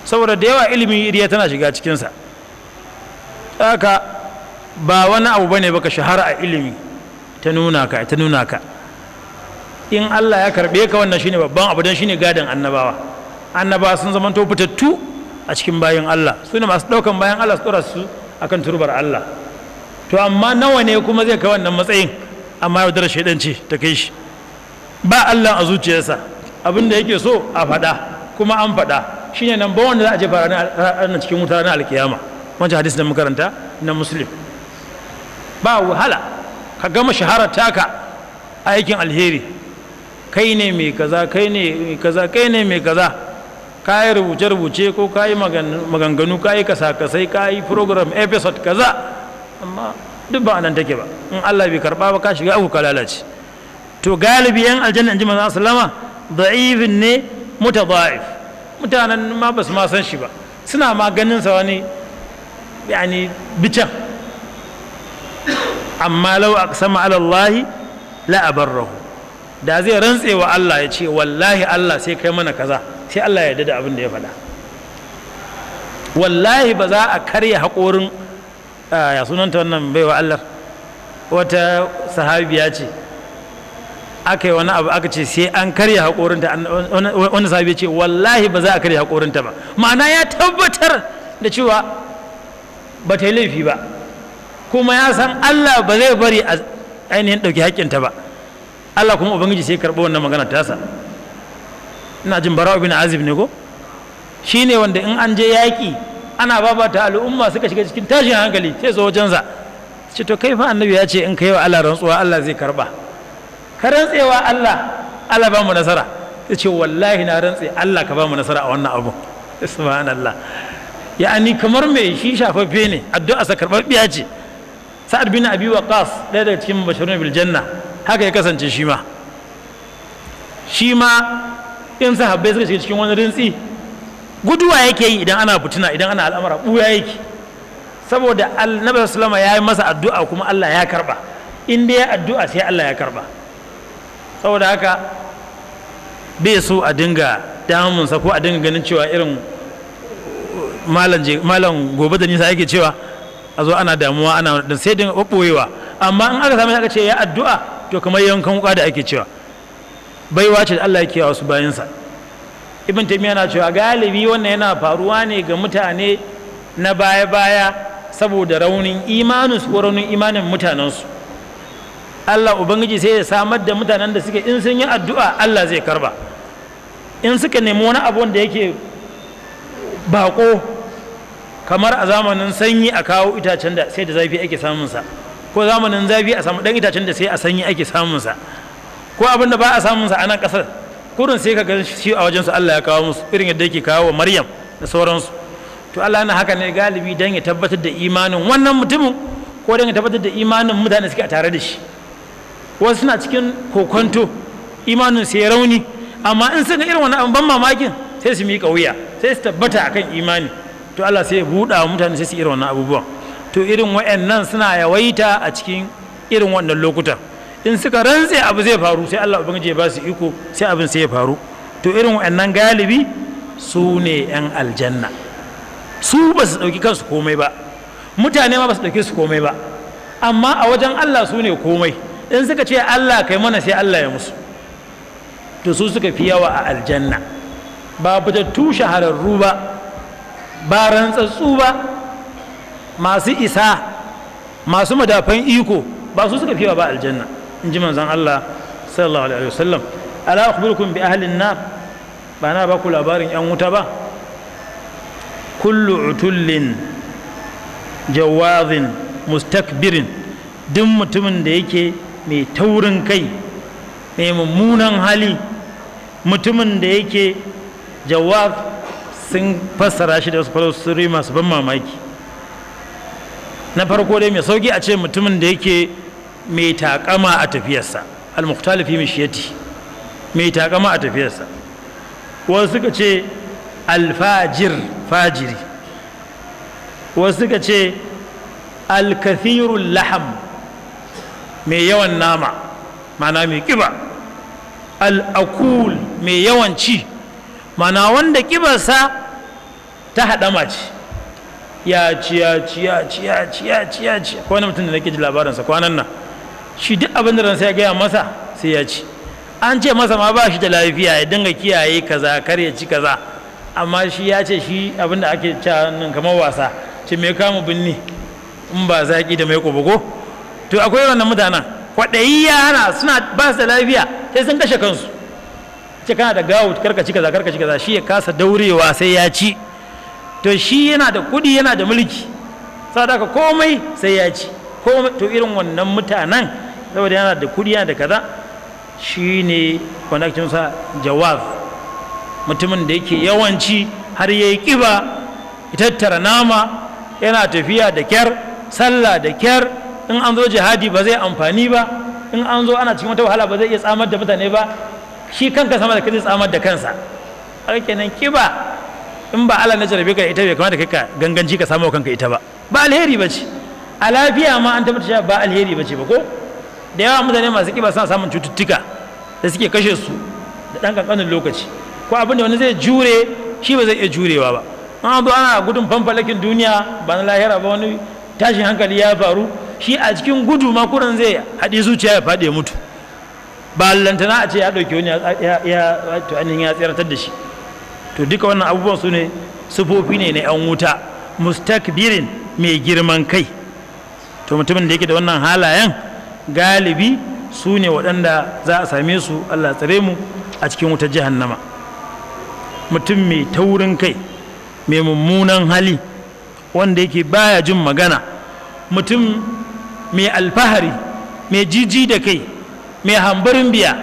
saboda da yawa ilimin iriya tana shiga cikinsa haka ba wani abu ba ne baka shahara a ilimi ta nuna ka ta nuna ka in Allah ya karɓi ka wannan shine babban abu dan shine gadin annabawa annabawa sun zama to fitattu a cikin bayan Allah su ne masu ɗaukan bayan Allah su ɗora su akan turbar Allah to amma nawa ne kuma zai kai wannan matsayin amma yaudar ce ta kai shi ba Allah a zuciyarsa abin da yake so a faɗa kuma an faɗa shine nan ba wanda za a jefa ranar cikin wuta na alkiyama wancan hadis da makaranta na muslim ba wahala ka gama shaharar taka aikin alheri kai ne mai kaza kai ne mai kaza kai ne mai kaza ka yi rubuce-rubuce ko ka yi maganganu ka yi kasa-kasai ka yi program episode kaza amma duk ba nan take ba in Allah bai karba ba ka shiga uku ka lalace to galibi yan aljanna inji manzo sallama da'ifin ne mutada'if mutanen ma ba su ma san shi ba suna ma ganin sa wani yani bican amma lau aqsama ala Allah la abarrahu da zai rantse wa Allah ya ce wallahi Allah sai kai mana kaza sai Allah ya dada da abin da ya faɗa wallahi ba za a karya haƙorin ya sunanta wannan wa Allah wata sahabiya ce aka yi wani abu aka ce sai an karya haƙorinta wani sahabiya ce wallahi ba za a karya haƙorinta ba ma'ana ya tabbatar da cewa ba ta yi laifi ba kuma ya san Allah ba zai bari a ainihin ɗauki haƙƙinta ba Allah kuma ubangiji sai karɓo wannan magana sa. ina jin bara'u bin azib ne ko shine wanda in an je yaƙi ana babata al'umma suka shiga cikin tashin hankali sai zo wajensa ce to kai fa annabi ya ce in kai wa Allah rantsuwa Allah zai karba ka rantsewa Allah Allah ba mu nasara ya ce wallahi na rantse Allah ka ba mu nasara a wannan abu subhanallah ya'ani kamar mai shi shafaffe ne addu'a sa biya ce sa'ad bin abi waqas ɗaya daga cikin mubashirun bil janna haka ya kasance shi ma shi ma in sahabbai suka shiga cikin wani rintsi guduwa yake yi idan ana fitina idan ana al'amara buya yake saboda annabi sallama ya yi masa addu'a kuma Allah ya karba in dai ya addu'a sai Allah ya karba saboda haka bai so a dinga damunsa ko a dinga ganin cewa irin malam gobe da nisa yake cewa a zo ana damuwa ana da sai dinga ɓoɓɓoyewa amma in aka sami aka ce ya addu'a to kamar yankan wuka da ake cewa baiwa ce da Allah yake wasu bayansa ibn taymiya na cewa galibi wannan yana faruwa ne ga mutane na baya baya saboda raunin imanin su ko raunin imanin mutanen su Allah ubangiji sai ya samar da mutanen da suke in sun yi addu'a Allah zai karba in suka nemi wani abu wanda yake bako kamar a zamanin sanyi a kawo itacen da sai da zafi ake samunsa ko zamanin zafi a samu dan itacen da sai a sanyi ake samunsa ko abin da ba a samunsa a nan ƙasar kurin sai ka gan shi a wajensu Allah ya kawo musu irin yadda yake kawo wa Maryam da sauransu to Allah na haka ne galibi dan ya tabbatar da imanin wannan mutumin ko dan ya tabbatar da imanin mutane suke a tare da shi wasu suna cikin kokonto imanin sai rauni amma in sun ga irin wani abin ban mamakin sai su miƙa wuya sai su tabbata akan imani to Allah sai ya buɗa wa mutane sai su irin wannan abubuwan to irin wa'annan suna yawaita a cikin irin wannan lokutan in suka rantse abu zai faru sai Allah ubangiji ya ba su iko sai abin sai ya faru to irin wa'annan galibi su ne 'yan aljanna su ba su ɗauki kansu komai ba mutane ma ba su ɗauki su komai ba amma a wajen Allah su ne komai in suka ce Allah kai mana sai Allah ya musu to su suka fi yawa a aljanna ba tushe hararru ba baran tsatsu ba masu isa masu madafan iko ba su suka fiwa ba aljanna in ji manzon Allah sallallahu alaihi wasallam ala akhbirukum bi ahli an-nar ba na ba ku labarin yan wuta ba kullu utullin jawazin mustakbirin duk mutumin da yake mai taurin kai mai mummunan hali mutumin da yake jawaz sun fassara shi da wasu fassarori masu ban mamaki na farko dai mai sauki a ce mutumin da yake mai takama a tafiyarsa al-muhtalifi mishiyati mai takama a tafiyarsa wasu suka ce alfajir fajiri wasu suka ce alkathirul laham mai yawan nama mana mai kiba al'akul mai yawan ci mana wanda kibarsa ta haɗama ce ya ci ya ci ya ci ya ci ya ci ya ci kwanan mutum da nake ji labarinsa kwanan nan shi duk abin da ransa ya gaya masa sai ya ci an ce masa ma ba shi da lafiya ya dinga kiyaye kaza kar ya ci kaza amma shi ya ce shi abin da ake ci nan kamar wasa ce mai kama binni in ba zaki da mai ko to akwai wannan mutanen kwaɗayi yana suna ba su da lafiya sai sun kashe kansu ce kana da gawo karka ci kaza karka ci kaza shi ya kasa daurewa sai ya ci to shi yana da kuɗi yana da mulki sadaka komai sai ya ci komai to irin wannan mutanen saboda yana da kuɗi yana da kaza shi ne sa jawab mutumin da yake yawanci har yayi kiba ƙiba tattara nama yana tafiya da kyar sallah da kyar in an zo jihadi ba zai amfani ba in an zo ana cikin wata wahala ba zai iya tsamar da mutane ba shi kanka sama da kai tsamar da kansa har kenan ƙiba in ba Allah na jarabe ka ita bai kamata kai ka ganganci ka samu kanka ita ba ba alheri bace a lafiya ma an tabbata cewa ba alheri bace ba ko da yawa mutane masu kiba suna samun cututtuka da suke kashe su da ɗan kankanin lokaci ko abin da wani zai jure shi ba zai iya jurewa ba amma zo ana gudun fanfalakin duniya ba na lahira ba wani tashin hankali ya faru shi a cikin gudu ma kuran zai haɗe zuciya ya faɗi ya mutu ba lantana a ce ya ɗauki wani ya to ya tseratar da shi to duka wannan abubuwan su ne sufofi ne na 'yan wuta mustakbirin mai girman kai to mutumin da yake da wannan halayen galibi su ne waɗanda za a same su allah tsare mu a cikin wutar nama. mutum mai taurin kai mai mummunan hali wanda yake baya jin magana mutum mai alfahari mai jiji da kai mai hambarin biya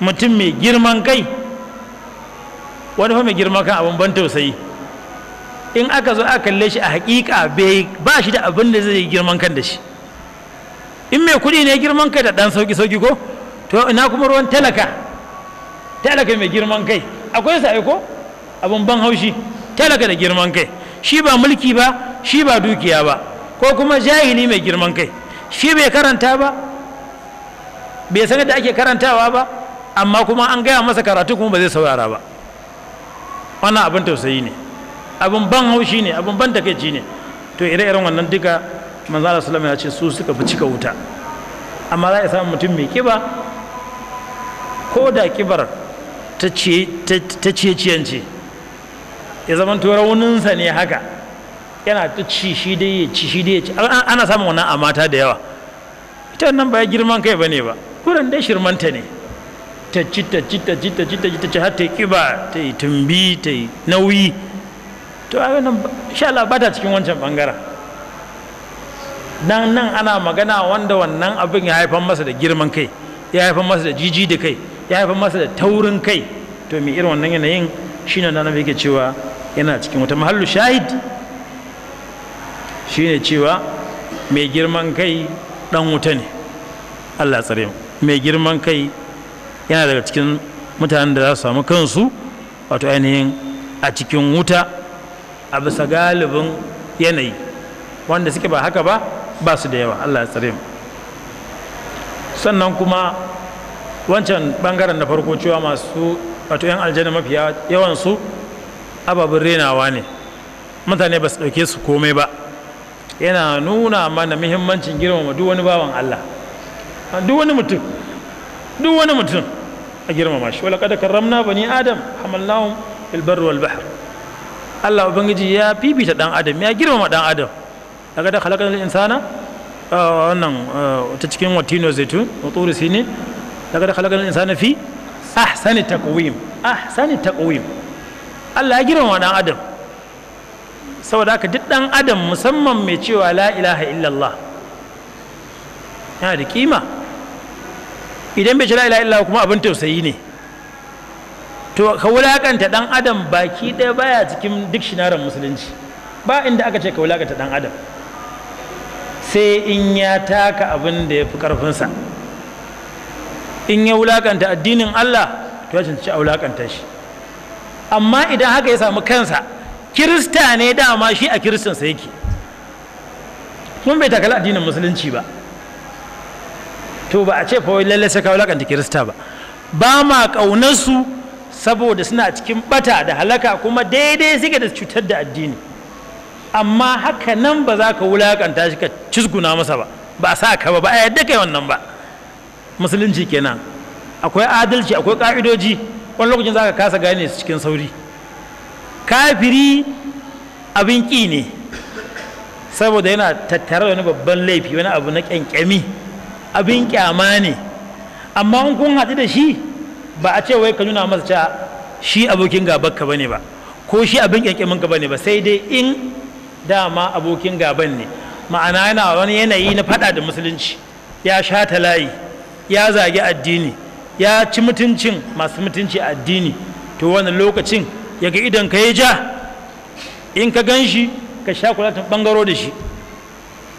mutum mai girman kai wani mai girma kan abin ban tausayi in aka zo aka kalle shi a hakika bai ba shi da abin da zai girman kan da shi in mai kuɗi ne girman kai da ɗan sauki sauki ko to ina kuma ruwan talaka talaka mai girman kai akwai sa ko abin ban haushi talaka da girman kai shi ba mulki ba shi ba dukiya ba ko kuma jahili mai girman kai shi bai karanta ba bai san da ake karantawa ba amma kuma an gaya masa karatu kuma ba zai saurara ba wannan abin tausayi ne abin ban haushi ne abin ban takeici ne to ire-iren wannan duka manzo Allah sallallahu alaihi ya ce su suka fi cika wuta amma za a samu mutum mai kiba ko da kibar ta ce? ya zama rauninsa ne haka yana ta ci shi dai ya ci shi dai ya ci ana samun wannan a mata da yawa ita wannan ba girman kai ba ne ba kuran dai shirmanta ne ta ci ta ci ta ci ta ci ta ci ta ci har ta yi ƙiba ta yi tumbi ta yi nauyi to a nan sha Allah ba ta cikin wancan bangaren nan nan ana magana wanda wannan abin ya haifar masa da girman kai ya haifar masa da jiji da kai ya haifar masa da taurin kai to mai irin wannan yanayin shi shine nan nabi yake cewa yana cikin wata mahallu shahid shi ne cewa mai girman kai dan wuta ne Allah tsare mu mai girman kai yana daga cikin mutanen da za su samu kansu wato ainihin a cikin wuta a bisa galibin yanayi wanda suke ba haka ba ba su da yawa allah ya tsare mu sannan kuma wancan bangaren na farko cewa masu wato 'yan aljanna mafiya yawansu ababen renawa ne mutane ba su ɗauke su komai ba yana nuna mana muhimmancin girmama duk wani bawan allah duk wani mutum duk wani mutum a girmama shi wala kada karramna bani adam hamalnahum fil barri wal bahr Allah ubangiji ya fifita dan adam ya girmama dan adam daga da khalaqal insana wannan ta cikin watino zaitun wa turi sini daga da khalaqal insana fi ahsani taqwim ahsani taqwim Allah ya girmama dan adam saboda haka duk dan adam musamman mai cewa la ilaha illallah yana da kima idan bai ce la'ila illa kuma abin tausayi ne to ka wulakanta ɗan adam baki ɗaya baya cikin duk shinaran musulunci ba inda aka ce ka wulakanta dan adam sai in ya taka abin da ya fi ƙarfinsa in ya wulakanta addinin Allah to ya cancanci a wulakanta shi amma idan haka ya samu kansa kirista ne dama shi a kiristinsa yake kuma bai takala addinin musulunci ba to ba a ce fa wai lalle sai ka wulakanta kirista ba ba ma kaunar su saboda suna cikin ɓata da halaka kuma daidai suke da cutar da addini amma haka nan ba za ka wulakanta shi ka cizguna masa ba ba sa ka ba ba a yadda kai wannan ba musulunci kenan akwai adalci akwai ƙa'idoji wani lokacin za ka kasa gane su cikin sauri kafiri abin ƙi ne saboda yana tattare da wani babban laifi wani abu na kyankyami. abin kyama ne amma in kun haɗu da shi ba a ce wai ka nuna masa cewa shi abokin gabanka bane ba ko shi abin kyakkyaminka bane ba sai dai in dama abokin gaban ne ma'ana yana wani yanayi na faɗa da musulunci ya sha ta layi ya zagi addini ya ci mutuncin masu mutunci addini to wani lokacin ya ga idan ka ya ja in ka gan shi ka sha kula ta ɓangaro da shi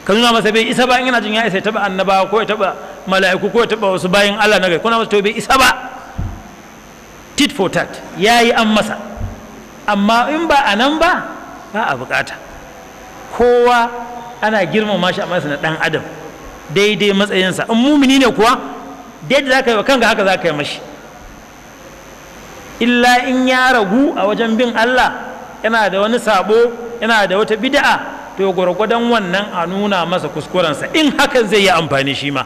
ka nuna masa bai isa ba in yana jin ya isa ya taba annabawa ko ya taba mala'iku ko ya taba wasu bayin Allah na gari kuna masa to bai isa ba tit for tat yayi an masa amma in ba a nan ba ba a bukata kowa ana girmama shi a masa na dan adam daidai matsayinsa in mumini ne kuwa daidai za ka yi wa kanka haka za ka yi mashi illa in ya ragu a wajen bin Allah yana da wani sabo yana da wata bid'a to gwargwadon wannan a nuna masa kuskurensa in hakan zai yi amfani shi ma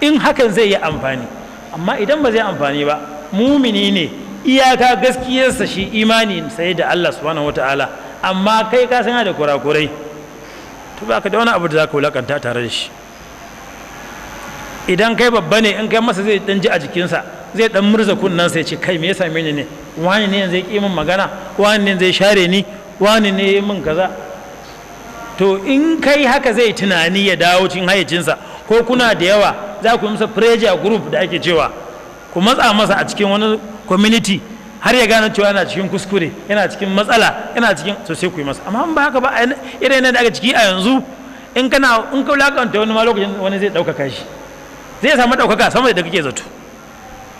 in hakan zai yi amfani amma idan ba zai amfani ba mumini ne iyaka gaskiyarsa shi imani sai da Allah subhanahu wataala amma kai ka san da kurakurai to ba ka da wani abu da za ka wulakanta tare da shi idan kai babba ne in kai masa zai dan ji a jikinsa zai dan murza kunnan sai ce kai me yasa same ne wani ne zai ki min magana wani ne zai share ni wani ne ya min kaza to in kai haka zai tunani ya dawo cikin hayyacinsa ko kuna da yawa za ku yi masa pressure group da ake cewa ku matsa masa a cikin wani community har ya gane cewa yana cikin kuskure yana cikin matsala yana cikin to sai ku yi masa amma ba haka ba irin yana daga ciki a yanzu in kana in ka lakanta wani ma lokacin wani zai ɗaukaka shi zai samu ɗaukaka sama da kake zato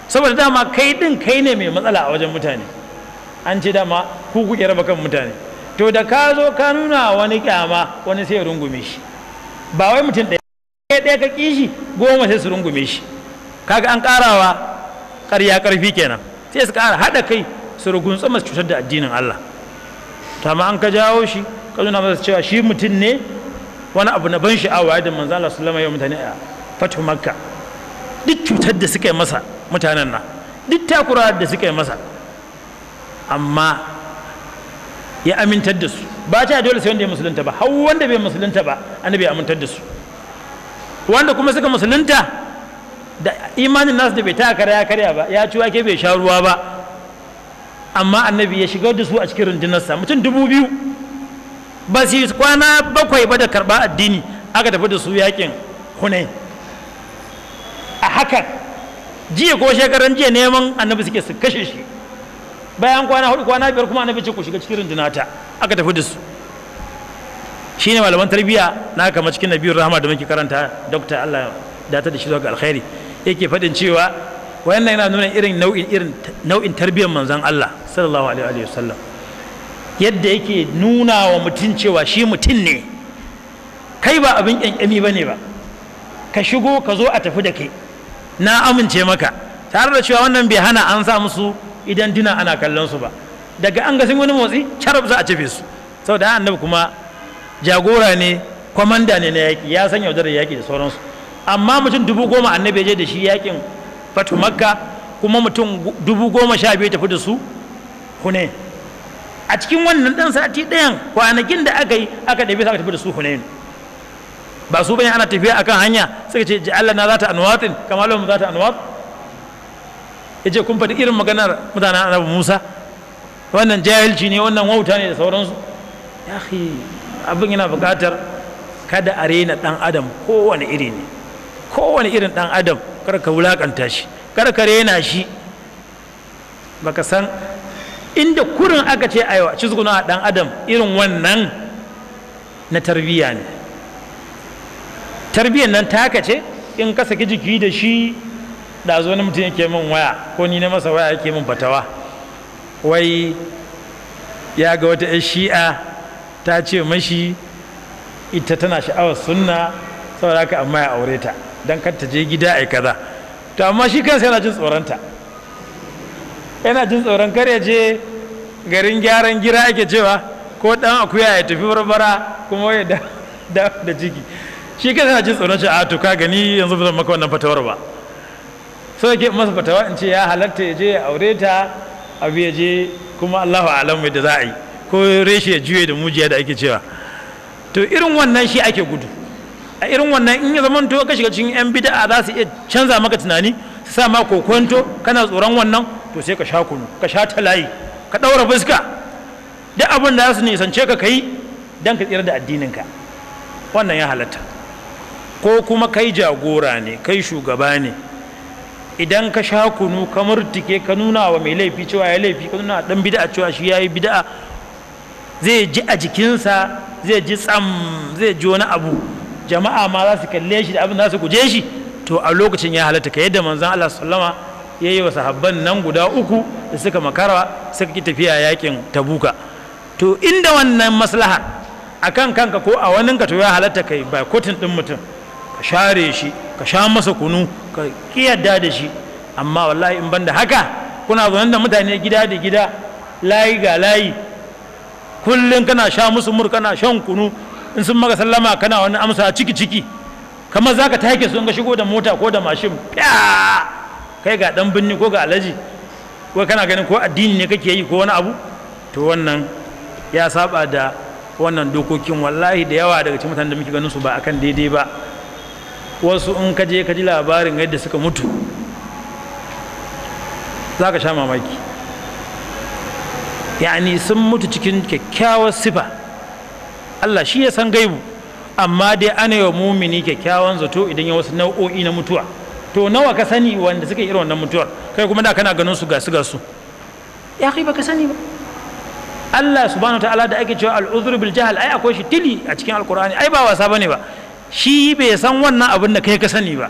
saboda dama kai din kai ne mai matsala a wajen mutane an ce dama ku kuke raba kan mutane to da ka zo ka nuna wani kyama wani sai ya rungume shi ba wai mutum ɗaya ɗaya ka ƙi shi goma sai su rungume shi kaga an ƙarawa ƙarya ƙarfi kenan sai su ƙara haɗa kai su rugunsa masu cutar da addinin Allah to amma an ka jawo shi ka nuna masa cewa shi mutum ne wani abu na ban sha'awa yadda manzo Allah sallama ya mutane a fatu makka duk cutar da suka yi masa mutanen nan duk takura da suka yi masa amma ya amintar da su ba ta dole sai wanda ya musulunta ba har wanda bai musulunta ba annabi ya amintar da su wanda kuma suka musulunta da imanin nasu da bai ta kare ya karya ba ya ci wake bai sha ruwa ba amma annabi ya shigar da su a cikin rundunar sa mutum dubu biyu ba su kwana bakwai ba da karba addini aka tafi da su yakin hunai a hakan jiya ko shekaran jiya neman annabi suke su kashe shi bayan kwana hudu kwana biyar kuma annabi ce ku shiga cikin rundunata aka tafi da su shine malaman tarbiyya na kama cikin nabiyur rahama da muke karanta dokta Allah da ta da shi zuwa ga alkhairi yake faɗin cewa wayannan yana nuna irin nau'in irin nau'in tarbiyyar manzon Allah sallallahu alaihi wa sallam yadda yake nuna wa mutum cewa shi mutum ne kai ba abin kyankyami ba ne ba ka shigo ka zo a tafi da kai na amince maka tare da cewa wannan bai hana an sa musu idan dina ana kallon su ba daga an ga sun wani motsi carab za a cife su saboda annabi kuma jagora ne kwamanda ne na yaƙi ya san yaudarar yaƙi da sauransu amma mutum dubu goma annabi je da shi yaƙin fatu makka kuma mutum dubu goma sha biyu tafi da su hune a cikin wannan dan sati ɗayan kwanakin da aka yi aka ɗabi aka tafi da su hune ba su bane ana tafiya akan hanya suka ce Allah ja'alna zata anwatin kama za zata anwatin ya ce kun faɗi irin maganar mutanen annabi musa wannan jahilci ne wannan wauta ne da sauransu ya abin yana buƙatar kada a rena ɗan adam kowane iri ne kowane irin ɗan adam kar ka wulaƙanta shi kar ka rena shi baka san inda kurin aka ce a yawa cizguna a ɗan adam irin wannan na tarbiyya ne tarbiyyar nan taka ce in ka saki jiki da shi da zo wani mutum yake min waya ko ni na masa waya yake min fatawa wai ya ga wata 'yar shi'a ta ce mashi ita tana sha'awar sunna saboda haka amma ya aure ta don kar ta je gida ai kaza to amma shi kansa yana jin tsoronta yana jin tsoron kar ya je garin gyaran gira ake cewa ko dan akuya ya tafi barbara kuma ya da da ciki shi kansa yana jin tsoron shi a to ka gani yanzu ba zan maka wannan fatawar ba so ke masa fatawa in ce ya halatta ya je ya aure ta abu ya je kuma Allahu alam da za a yi ko reshe ya juye da mujiya da ake cewa to irin wannan shi ake gudu a irin wannan in ya zama to ka shiga cikin yan bid'a za su iya canza maka tunani su sa ma kokonto kana tsoron wannan to sai ka sha kunu ka sha ta layi ka daura fuska duk abin da za su nisance ka kai dan ka tsira da addinin ka wannan ya halatta ko kuma kai jagora ne kai shugaba ne idan ka sha kunu ka murtike ka nuna wa mai laifi cewa ya laifi ka nuna dan bid'a cewa shi yayi bid'a zai ji a jikinsa zai ji tsam zai ji wani abu jama'a ma za su kalle shi da abin za su guje shi to a lokacin ya halatta ka yadda manzon Allah sallama ya yi wa sahabban nan guda uku da suka makara suka ki tafiya yakin tabuka to inda wannan maslahar akan kanka ko a waninka to ya halatta kai ba kotun din mutum ka share shi ka sha masa kunu ka kiyarda da shi amma wallahi in banda haka kuna zaune da mutane gida da gida layi ga layi kullum kana sha musu mur kana shan kunu in sun maka sallama kana wani amsa ciki ciki kamar zaka take su ga shigo da mota ko da mashin kai ga dan binni ko ga alaji ko kana ganin ko addini ne kake yi ko wani abu to wannan ya saba da wannan dokokin wallahi da yawa daga cikin mutanen da muke ganin su ba akan daidai ba wasu in ka je ka ji labarin yadda suka mutu za ka sha mamaki yani sun mutu cikin kyakkyawar sifa Allah shi ya san gaibu amma dai ana yi wa mumini kyakkyawan zato idan ya wasu nau'o'i na mutuwa to nawa ka sani wanda suka irin wannan mutuwar kai kuma da kana ganin su ga su ga su ya kai baka sani ba Allah subhanahu ta'ala da ake cewa al'uzur bil jahl ai akwai shi tili a cikin alqur'ani ai ba wasa bane ba shi bai san wannan abin da kai ka sani ba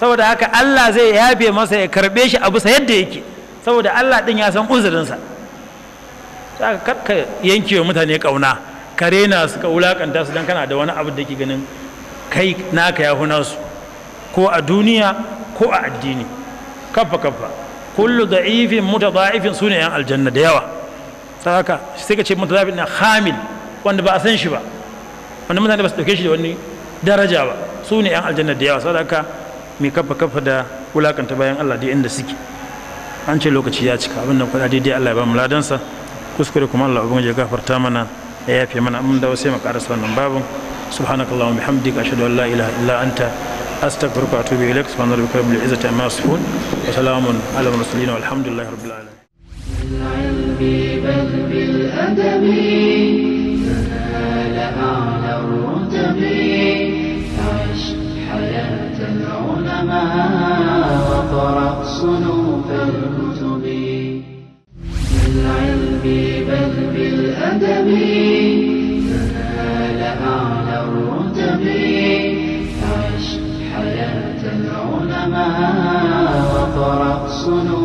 saboda haka Allah zai yafe masa ya karbe shi a bisa yadda yake saboda Allah din ya san uzurinsa saka karka yanke mutane kauna ka rena su ka wulakanta su dan kana da wani abu da ke ganin kai naka ya huna su ko a duniya ko a addini kaffa kaffa kullu da'ifin mutada'ifin sune yan aljanna da yawa saka sai ka ce mutada'ifin na hamil wanda ba a san shi ba wannan mutane ba su ɗauke shi da wani daraja ba su ne 'yan aljanna da yawa sadaka mai kafa kafa da wulakanta bayan Allah da inda suke an ce lokaci ya cika abin da faɗa daidai Allah ya ba mu ladansa kuskure kuma Allah ubangiji ya gafarta mana ya yafe mana amma da wasu mu karasa wannan babin subhanakallahumma bihamdika ashhadu an la ilaha illa anta astaghfiruka wa atubu ilaik subhanallahi wa bihamdihi izzati amma yasifun wa salamun ala mursalin walhamdulillahi rabbil alamin بالعلم بل بالأدب النبي عش حياة العلماء وقرأ صنوف الكتب بالعلم بل بالأدب تنال أعلى الرتب عش حياة العلماء وقرأ صنوف